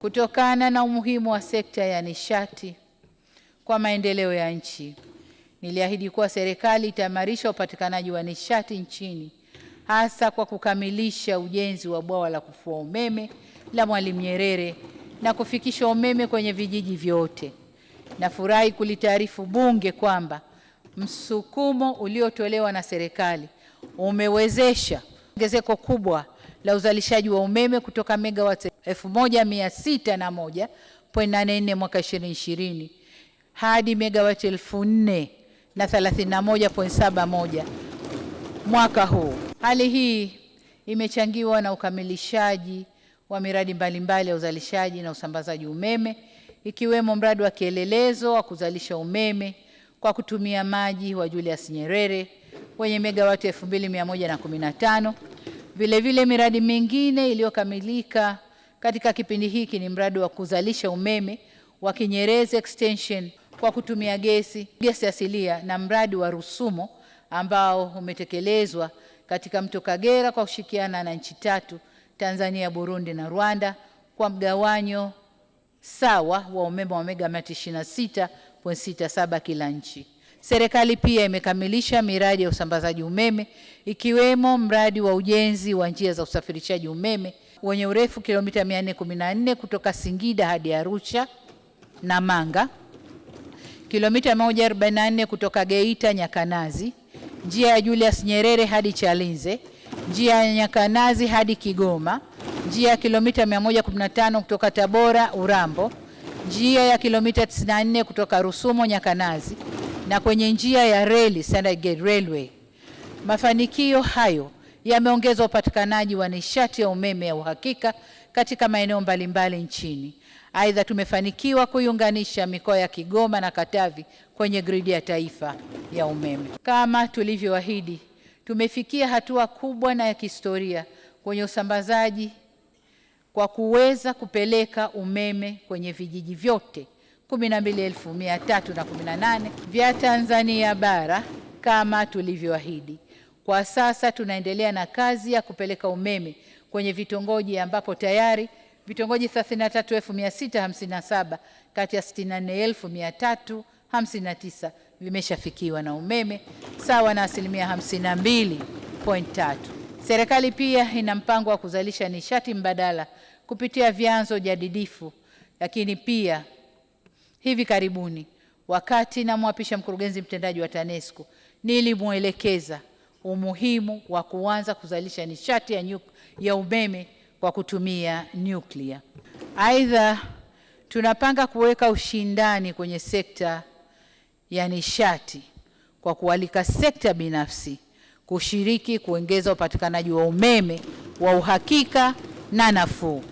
Kutokana na umuhimu wa sekta ya nishati kwa maendeleo ya nchi, niliahidi kuwa serikali itaimarisha upatikanaji wa nishati nchini, hasa kwa kukamilisha ujenzi wa bwawa la kufua umeme la Mwalimu Nyerere na kufikisha umeme kwenye vijiji vyote. Nafurahi kulitaarifu Bunge kwamba msukumo uliotolewa na serikali umewezesha Ongezeko kubwa la uzalishaji wa umeme kutoka megawati 1601.84 mwaka 2020 hadi megawati 4031.71 mwaka huu. Hali hii imechangiwa na ukamilishaji wa miradi mbalimbali mbali ya uzalishaji na usambazaji umeme ikiwemo mradi wa kielelezo wa kuzalisha umeme kwa kutumia maji wa Julius Nyerere wenye megawati 2115 Vilevile vile miradi mingine iliyokamilika katika kipindi hiki ni mradi wa kuzalisha umeme wa Kinyerezi Extension kwa kutumia gesi gesi asilia na mradi wa Rusumo ambao umetekelezwa katika mto Kagera kwa kushirikiana na nchi tatu Tanzania, Burundi na Rwanda kwa mgawanyo sawa wa umeme wa megamati 26.67 kila nchi. Serikali pia imekamilisha miradi ya usambazaji umeme ikiwemo mradi wa ujenzi wa njia za usafirishaji umeme wenye urefu kilomita 414 kutoka Singida hadi Arusha na Manga, kilomita 144 kutoka Geita Nyakanazi, njia ya Julius Nyerere hadi Chalinze, njia ya Nyakanazi hadi Kigoma, njia ya kilomita 115 kutoka Tabora Urambo, njia ya kilomita 94 kutoka Rusumo Nyakanazi na kwenye njia ya reli Standard Gauge Railway. Mafanikio hayo yameongeza upatikanaji wa nishati ya umeme ya uhakika katika maeneo mbalimbali nchini. Aidha, tumefanikiwa kuiunganisha mikoa ya Kigoma na Katavi kwenye gridi ya taifa ya umeme. Kama tulivyoahidi, tumefikia hatua kubwa na ya kihistoria kwenye usambazaji kwa kuweza kupeleka umeme kwenye vijiji vyote 12318 vya Tanzania bara kama tulivyoahidi. Kwa sasa tunaendelea na kazi ya kupeleka umeme kwenye vitongoji ambapo tayari vitongoji 33657 kati ya 64359 vimeshafikiwa na umeme sawa na asilimia 52.3. Serikali pia ina mpango wa kuzalisha nishati mbadala kupitia vyanzo jadidifu, lakini pia hivi karibuni, wakati namwapisha mkurugenzi mtendaji wa TANESCO, nilimwelekeza umuhimu wa kuanza kuzalisha nishati ya, ya umeme kwa kutumia nyuklia. Aidha, tunapanga kuweka ushindani kwenye sekta ya nishati kwa kualika sekta binafsi kushiriki kuongeza upatikanaji wa umeme wa uhakika na nafuu.